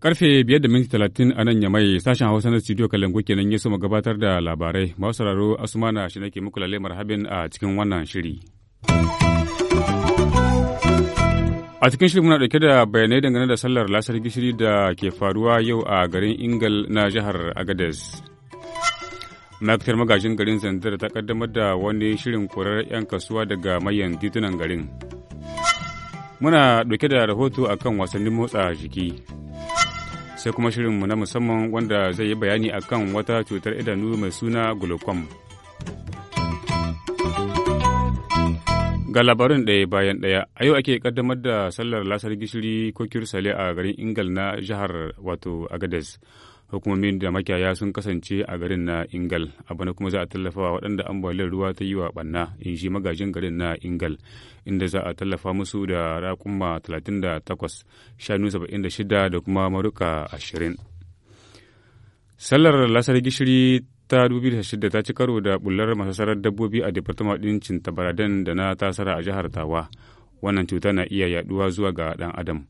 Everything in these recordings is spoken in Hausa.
Karfe biyar da minti talatin a nan yamai sashen Hausa na studio Kalangu kenan ya soma gabatar da labarai. Masu sauraro Asumana shi nake muku lalle marhabin a cikin wannan shiri. A cikin shirin muna dauke da bayanai dangane da sallar lasar gishiri da ke faruwa yau a garin Ingal na jihar Agadez. Ma'aikatar magajin garin Zandar ta kaddamar da wani shirin korar 'yan kasuwa daga mayan titunan garin. Muna dauke da rahoto a kan wasannin motsa jiki. sai kuma shirin mu na musamman wanda zai yi bayani akan wata cutar idanu mai suna glaucoma. Ga labarin ɗaya bayan ɗaya, a yau ake kaddamar da sallar lasar gishiri ko kirsale a garin Ingal na jihar wato Agadez. Hukumomin da makiyaya sun kasance a garin na Ingal, a bana kuma za a wa waɗanda ambaliyar ruwa ta yi wa ɓanna, in shi magajin garin na Ingal, inda za a tallafa musu da raƙuma 38, shanu 76 da kuma maruka 20. Sallar lasar gishiri ta 2006 ta ci karo da bullar masasarar dabbobi a departama ɗin cintabaradan da na tasara a jihar tawa wannan cuta na iya yaduwa zuwa ga ɗan adam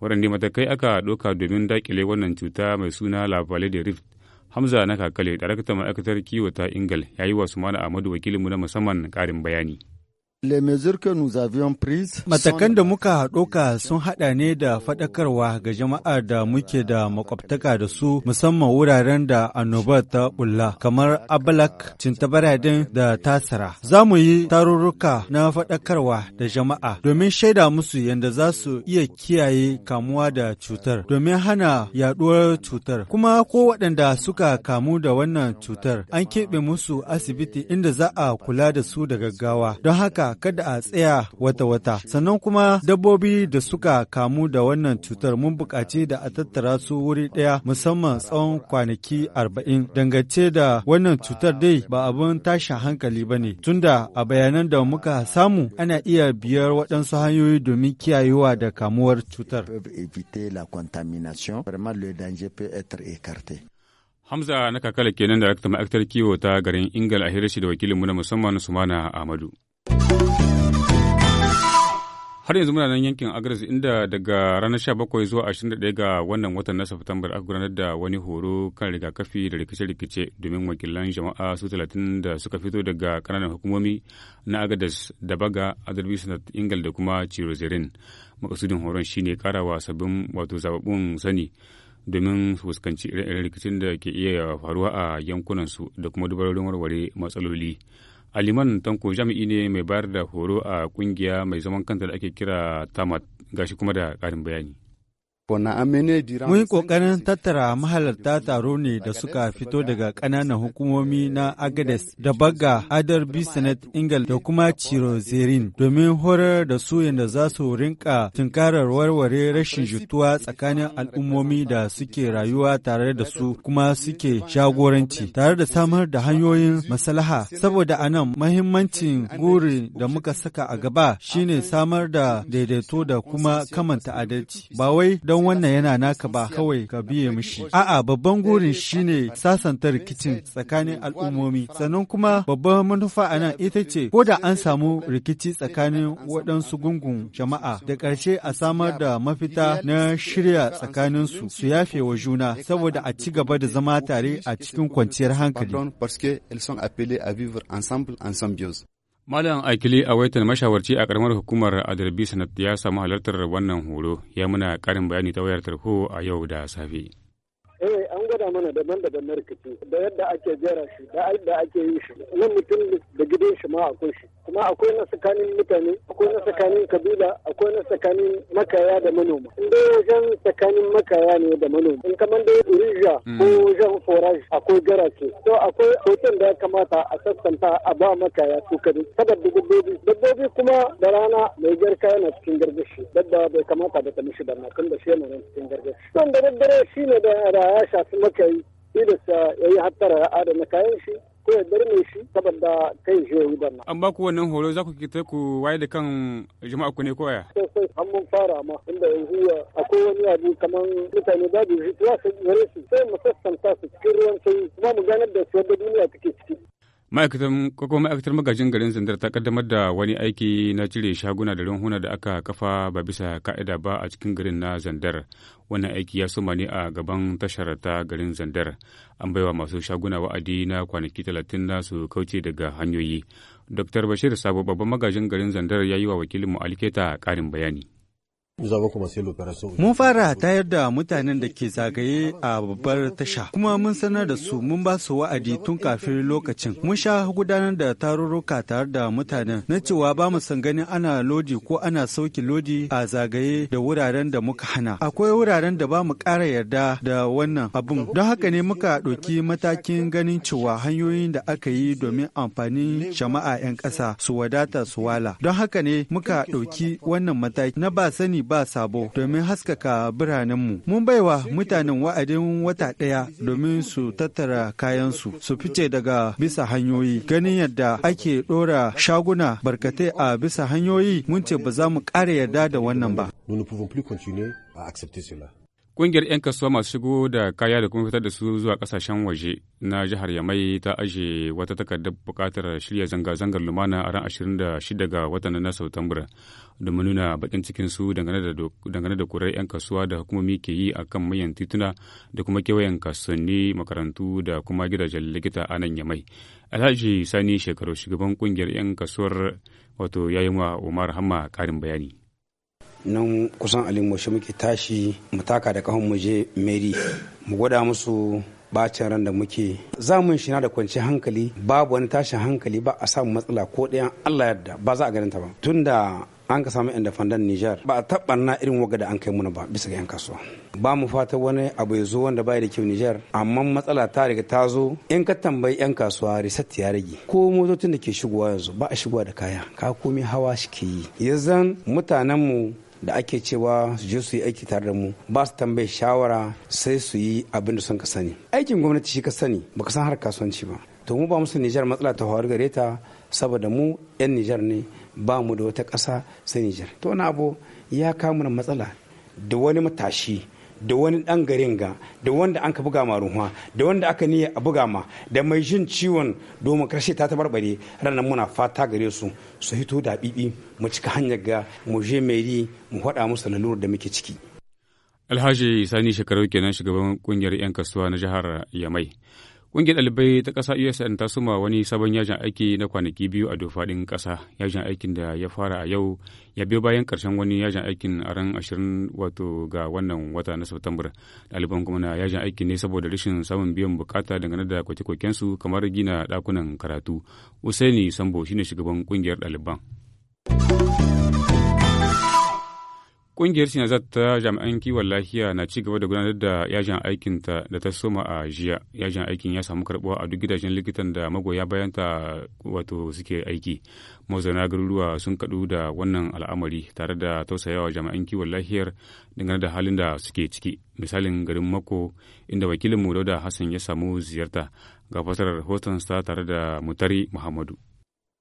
waɗanne matakai aka ɗauka domin daƙile wannan cuta mai suna la de rift hamza na kakale darakta ma'aikatar kiwo ta ingal ya yi wa sumana amadu wakilinmu na musamman ƙarin bayani Matakan da muka ɗauka sun haɗa ne da faɗakarwa ga jama'a da muke da makwabtaka da su musamman wuraren da annobar ta bulla kamar Abalak, Cintabaradin da Tasara. Za mu yi tarurruka na faɗakarwa da jama'a domin shaida musu yadda za su iya kiyaye kamuwa da cutar domin hana yaɗuwar cutar. Kuma ko waɗanda suka kamu da wannan cutar an keɓe musu asibiti inda za a kula da su da gaggawa. Don haka kada a tsaya wata-wata. Sannan kuma dabbobi da suka kamu da wannan cutar mun buƙaci da a tattara su wuri ɗaya musamman tsawon kwanaki arba'in. Dangance da wannan cutar dai ba abin tashin hankali ba ne, tunda a bayanan da muka samu ana iya biyar waɗansu hanyoyi domin kiyayewa da kamuwar cutar. Hamza na kakala kenan da ma'aikatar kiwo ta garin Ingal a hirashi da wakilinmu na musamman Sumana Ahmadu. har yanzu muna nan yankin agres inda daga ranar 17 zuwa 21 ga wannan watan na satumbar aka gudanar da wani horo kan rigakafi da rikice-rikice domin wakilan jama'a su talatin da suka fito daga kananan hukumomi na agadas da baga azerbaijan ingal da kuma cirozerin makasudin horon shine karawa sabbin wato sababbin sani domin su fuskanci ire rikicin da ke iya faruwa a yankunansu da kuma dubarorin warware matsaloli. aliman tanko jami'i ne mai bayar da horo a kungiya mai zaman kanta da ake kira tamat gashi kuma da ƙarin bayani Mun yi ƙoƙarin tattara mahalarta taro ne da suka fito daga ƙananan hukumomi na Agades da Bagga, Adar Bisanet Ingal da kuma Zerin, domin horar da su yadda za su rinka tunkarar warware rashin jituwa tsakanin al'ummomi da suke rayuwa tare da su kuma suke shagoranci. tare da samar da hanyoyin masalaha Saboda anan mahimmancin guri da muka saka a gaba shine samar da daidaito da kuma kamanta adalci. Ba wai don don wannan yana naka ba kawai ka biye mishi. A'a babban gurin shine sasanta rikicin tsakanin al'ummomi. Sannan kuma babban manufa a nan ita ce ko da an samu rikici tsakanin waɗansu gungun jama'a da ƙarshe a samar da mafita na shirya tsakanin su su yafe wa juna saboda a ci gaba da zama tare a cikin kwanciyar hankali. Malam Akili a waitan mashawarci a karamar hukumar Adarbi Sanat ya samu halartar wannan horo ya muna karin bayani ta wayar tarho a yau da safe. nuna mana daban-daban na rikici da yadda ake jera shi da yadda ake yi shi nan mutum da gidan shi ma akwai shi kuma akwai na tsakanin mutane akwai na tsakanin kabila akwai na tsakanin makaya da manoma in dai wajen tsakanin makaya ne da manoma in kamar dai irija ko hmm. wajen forage akwai garace to akwai hoton da ya kamata a sassanta a ba makaya su kadai saboda dabbobi dabbobi kuma da rana mai garka yana cikin gargashi dabba bai kamata ba ta mishi da tun da shi yana cikin gargashi don da daddare shi ne da ya shafi maka suka yi tilasta ya yi hattara ya adana kayan shi ko ya darme shi saboda kai shi yi banna. An ba ku wannan horo za ku kita ku waye da kan jama'a ku ne ko ya? Sosai an mun fara ma inda yanzu akwai wani abu kamar mutane babu shi za su gare su sai mu sassanta su cikin ruwan sanyi kuma mu ganar da su yadda duniya take ciki. ma'aikatar magajin garin zandar ta kaddamar da wani aiki na cire shaguna da runhuna da aka kafa ba bisa ka'ida ba a cikin garin na zandar wannan aiki ya soma ne a gaban tashar ta garin zandar an baiwa masu shaguna wa'adi na kwanaki talatin na su kauce daga hanyoyi dr bashir sabo babban magajin garin zandar ya yi wa wakilin mu aliketa karin bayani Mun fara tayar da mutanen da ke zagaye a babbar tasha, kuma mun sanar da su mun ba su wa'adi tun kafin lokacin. Mun sha gudanar da tarurruka tare da mutanen na cewa ba mu san ganin ana lodi ko ana sauki lodi a zagaye da wuraren da muka hana. Akwai wuraren da ba mu ƙara yarda da wannan abun. Don haka ne muka ɗauki matakin ganin cewa hanyoyin da aka yi domin amfanin jama'a 'yan ƙasa su wadata su wala. Don haka ne muka ɗauki wannan mataki na ba sani ba sabo domin haskaka biranenmu. Mun baiwa mutanen wa'adin wata ɗaya domin su tattara kayansu su fice daga bisa hanyoyi. Ganin yadda ake ɗora shaguna barkatai a bisa hanyoyi mun ce ba za mu ƙara yarda da wannan ba. Ƙungiyar 'yan kasuwa masu shigo da kaya da kuma fitar da su zuwa kasashen waje na jihar Yamai ta aje wata takardar buƙatar shirya zanga-zangar lumana a ran 26 ga watan na Satumbar domin nuna baƙin cikin su dangane da kurar 'yan kasuwa da hukumomi ke yi a kan manyan tituna da kuma kewayen kasuwanni makarantu da kuma gidajen likita a nan Yamai. Alhaji Sani shekaru shugaban ƙungiyar 'yan kasuwar wato yayi wa Umar Hamma ƙarin bayani. nan kusan alimoshi muke tashi mu taka da kahon muje meri mu gwada musu bacin ran da muke za mu shi na da kwanci hankali babu wani tashin hankali ba a samu matsala ko ɗaya allah yadda ba za a ganin ta ba da an ka samu inda fandan Nijar ba a na irin waga da an kai muna ba bisa ga 'yan kasuwa. Ba mu fata wani abu ya zo wanda bai da kyau Nijar amma matsala ta riga ta zo in ka tambayi 'yan kasuwa reset ya rage ko motocin da ke shigowa yanzu ba a shigowa da kaya ka komi hawa shi ke yi. Yanzan mu da ake cewa su je su yi aiki tare da mu ba su tambaye shawara sai su yi abin da sun ka sani aikin gwamnati shi ka sani ba ka san har kasuwanci ba to mu ba musu nijar matsala ta faru gare ta saboda mu yan nijar ne ba mu da wata ƙasa sai nijar to wani abu ya kawo mana matsala da wani matashi da wani ɗan garin ga da wanda an ka buga ma ruwa da wanda aka niyya a buga ma da mai jin ciwon domin karshe ta tabarbare ranar muna fata gare su su hito da bibi mu cika hanyar ga mu je mairi mu faɗa musu lalur da muke ciki alhaji sani shekaru kenan shugaban kungiyar 'yan kasuwa na jihar yamai Ƙungiyar ɗalibai ta ƙasa USN ta suma wani sabon yajin aiki na kwanaki biyu a dofaɗin ƙasa. Yajin aikin da ya fara a yau ya biyo bayan ƙarshen wani yajin aikin a ran ashirin wato ga wannan wata na Satumbar. Ɗaliban kuma na yajin aiki ne saboda rashin samun biyan bukata dangane da kwake su kamar gina ɗakunan karatu. Usaini Sambo shine shugaban ƙungiyar ɗaliban. Ƙungiyar Sinazat ta jami'an kiwon lafiya na ci gaba da gudanar da yajin aikinta da ta soma a jiya. Yajin aikin ya samu karɓuwa a duk gidajen likitan da magoya bayanta wato suke aiki. Mazauna garuruwa sun kaɗu da wannan al'amari tare da tausayawa jami'an kiwon lafiyar dangane da halin da suke ciki. Misalin garin Mako inda wakilinmu Dauda Hassan ya samu ziyarta ga fasarar hotonsa tare da Mutari Muhammadu.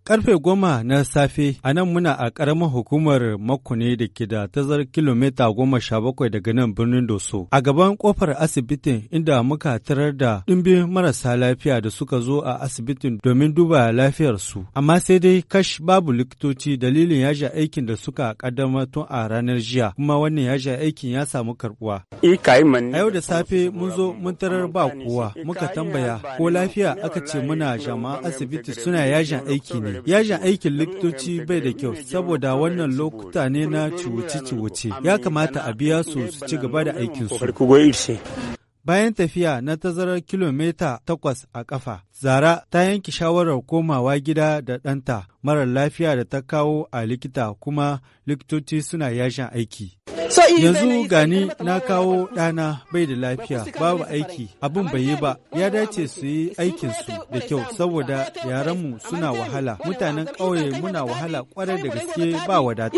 Karfe goma na safe a nan muna a ƙaramin hukumar makone da ke da tazar kilomita goma sha bakwai daga nan birnin Doso. A gaban kofar asibitin inda muka tarar da ɗimbin marasa lafiya da suka zo a asibitin domin duba lafiyarsu. Amma sai dai kash babu likitoci dalilin ja aikin da suka ƙaddamar tun a ranar jiya kuma wannan ja aikin ya samu karɓuwa. Eh, a yau da safe mun zo mun tarar ba kowa muka tambaya ko lafiya aka ce muna jama'a asibiti suna yajin aiki ne. Yajin aikin likitoci bai da kyau saboda wannan lokuta ne na ciwuce-ciwuce. Ya kamata a biya su su ci gaba da aikinsu. Bayan tafiya na tazarar kilomita takwas a ƙafa, Zara ta yanke shawarar komawa gida da ɗanta marar lafiya da ta kawo a likita kuma likitoci suna yashin aiki. yanzu gani na kawo ɗana bai da lafiya babu aiki abin bai yi ba ya dace su yi aikinsu da kyau saboda yaranmu suna wahala mutanen ƙauye muna wahala kwarai da gaske ba wadata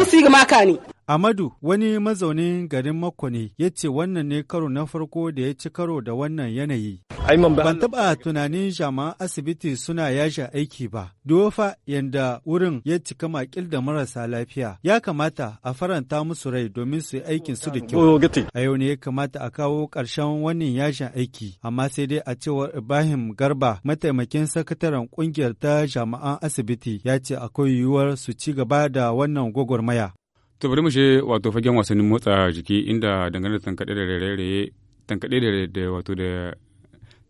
Amadu wani mazaunin garin Makko ya ce wannan ne karo na farko da ya ci karo da wannan yanayi. Ban taɓa tunanin jama'an asibiti suna yashe aiki ba. Dofa yanda wurin ya cika makil da marasa lafiya. Ya kamata a faranta musu rai domin su yi aikin su da kyau. Oh, a yau ne ya kamata a kawo ƙarshen wannan yashin aiki. Amma sai dai a cewar Ibrahim Garba mataimakin sakataren ƙungiyar ta jama'an asibiti ya ce akwai yiwuwar su ci gaba da wannan gwagwarmaya. To bari mu je wato fagen wasannin motsa jiki inda dangane da tankaɗe da rairaye tankaɗe da wato da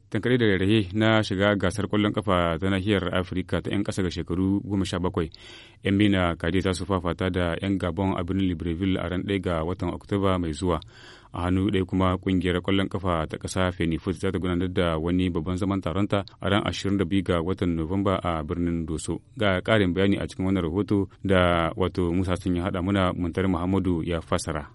tankare da rarrahe na shiga gasar kwallon kafa ta nahiyar afirka ta 'yan ƙasa ga shekaru 17 'yan mina kade za su fafata da 'yan gabon a birnin libreville a ran 1 ga watan oktoba mai zuwa a hannu ɗaya kuma ƙungiyar kwallon kafa ta ƙasa fenifut za ta gudanar da wani babban zaman taronta a ran 22 ga watan nuwamba a birnin doso ga ƙarin bayani a cikin wannan rahoto da wato musa sun yi haɗa muna muntar muhammadu ya fasara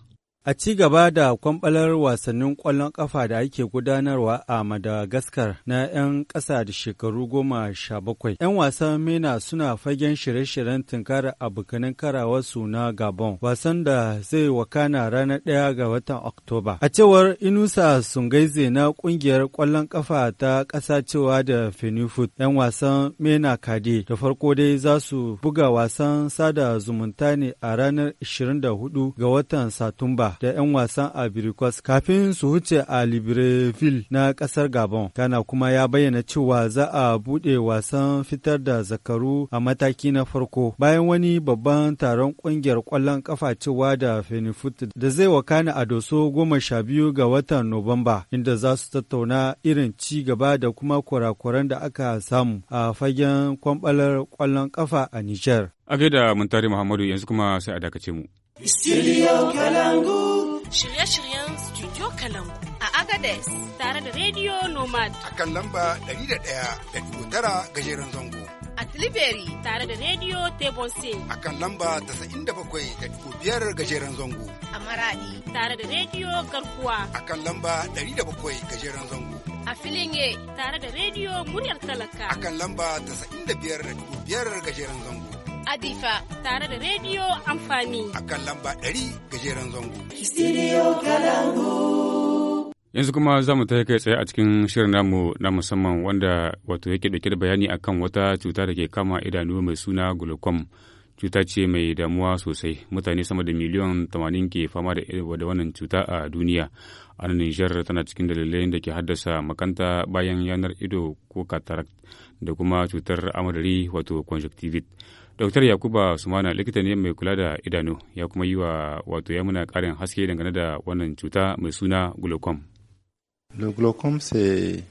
A ci gaba da kwamɓalar wasannin ƙwallon ƙafa da ake gudanarwa a Madagaskar na 'yan ƙasa da shekaru goma sha bakwai. 'Yan wasan MENA suna fagen shirye-shiryen tunkara abokanin karawarsu na Gabon, wasan da zai wakana ranar ɗaya ga watan Oktoba. A cewar Inusa Sungaize na ƙungiyar ƙwallon ƙafa ta ƙasa cewa da Fenifut, 'yan wasan MENA Kade da farko dai za su buga wasan sada zumunta ne a ranar 24 ga watan Satumba. da 'yan wasan Abirikos kafin su huce a Libreville na ƙasar Gabon. Kana kuma ya bayyana cewa za a buɗe wasan fitar da zakaru a mataki na farko bayan wani babban taron ƙungiyar ƙwallon ƙafa cewa da Fenifut da zai wakana a doso goma sha biyu ga watan Nuwamba inda za su tattauna irin ci gaba da kuma kurakuran da aka samu a fagen kwamɓalar ƙwallon ƙafa a Nijar. A gaida Muntari Muhammadu yanzu kuma sai a dakace mu. Studio Kalangu. Shirye-shiryen Studio Kalangu a Agades tare da Radio Nomad. A kan lamba 101.9 gajeren zango. A Tilibiri tare da Radio Tebonse. A kan lamba 97.5 gajeren zango. A Maradi tare da Radio Garkuwa. A kan lamba 107 gajeren zango. A Filinge tare da Radio Muryar Talaka. A kan lamba 95.5 gajeren zango. Adifa tare da rediyo amfani. A kan lamba 100 gajeren zango. Studio Kalangu. Yanzu kuma za mu ta kai tsaye a cikin shirin namu na musamman wanda wato yake dauke da bayani akan wata cuta da ke kama idanu mai suna glaucom. Cuta ce mai damuwa sosai. Mutane sama da miliyan 80 ke fama da wannan cuta a duniya. a Nijar tana cikin dalilai da ke haddasa makanta bayan yanar ido ko cataract da kuma cutar amadari wato conjunctivitis. Dr. Yakuba Sumana likita ne mai kula da idanu ya kuma yi wa wato ya muna ƙarin haske dangane da wannan cuta mai suna glaucom. Le glaucom c'est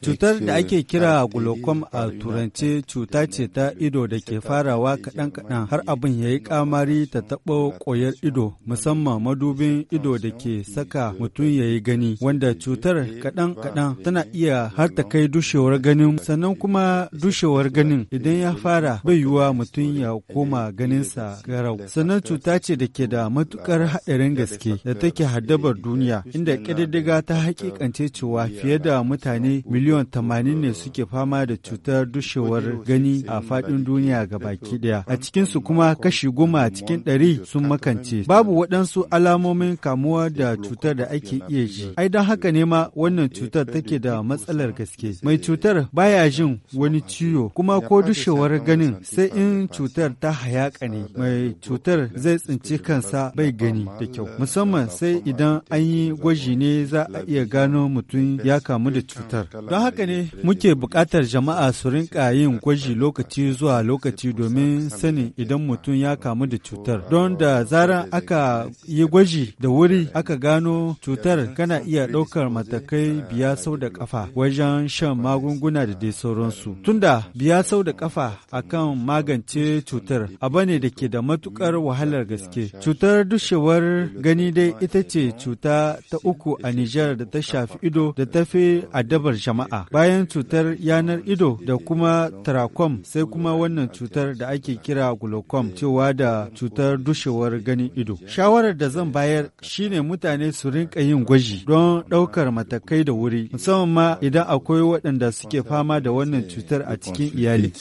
Cutar da ake kira glaucom a turance cuta ce ta ido da ke farawa kaɗan-kaɗan har abin ya yi ƙamari ta taɓa ƙwayar ido musamman madubin ido da ke saka mutum ya yi gani wanda cutar kaɗan-kaɗan tana iya har ta kai dushewar ganin sannan kuma dushewar ganin idan ya fara bai yiwuwa mutum ya koma ganinsa garau. Sannan cuta ce da ke da matukar haɗarin gaske da take haddabar duniya inda ƙididdiga ta hakikance cewa fiye da mutane miliyon tamanin ne suke fama da cutar dushewar gani a faɗin duniya ga baki ɗaya. A cikinsu kuma kashi goma cikin ɗari sun makance. Babu waɗansu alamomin kamuwa da cutar da ake iya ji. Ai don haka ne ma wannan cutar take da matsalar gaske. Mai cutar baya jin wani ciwo kuma ko dushewar ganin sai in cutar ta hayaƙa ne. Mai cutar zai tsinci kansa bai gani da kyau. Musamman sai idan an yi gwaji ne za a iya gano mutum ya kamu da cutar. Don haka ne muke buƙatar jama'a su rinka yin gwaji lokaci zuwa lokaci domin sanin idan mutum ya kamu da cutar. Don da zarar aka yi gwaji da wuri aka gano cutar kana iya ɗaukar matakai biya sau da ƙafa wajen shan magunguna da dai sauransu. Tunda biya sau da ƙafa akan magance cutar abu ne da ke da matuƙar wahalar gaske. Cutar dushewar gani dai ita ce cuta ta uku a Nijar da ta shafi ido da da ta fi addabar jama'a bayan cutar yanar ido da kuma tracom sai kuma wannan cutar da ake kira glaucom cewa da cutar dushewar ganin ido shawarar da zan bayar shine mutane su rinka yin gwaji don ɗaukar matakai da wuri musamman ma idan akwai waɗanda suke fama da wannan cutar a cikin iyali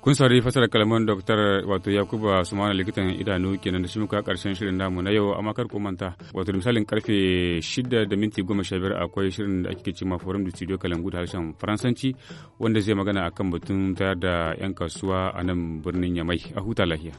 kun saurari fasar kalaman Dr. wato Yakuba Sumana likitan idanu kenan da shi muka karshen shirin namu na yau amma kar ku manta wato misalin karfe 6 da minti 15 akwai shirin da ake cewa forum du studio Kalangu da harshen Faransanci wanda zai magana akan batun tayar da 'yan kasuwa a nan birnin Yamai a huta lahiya.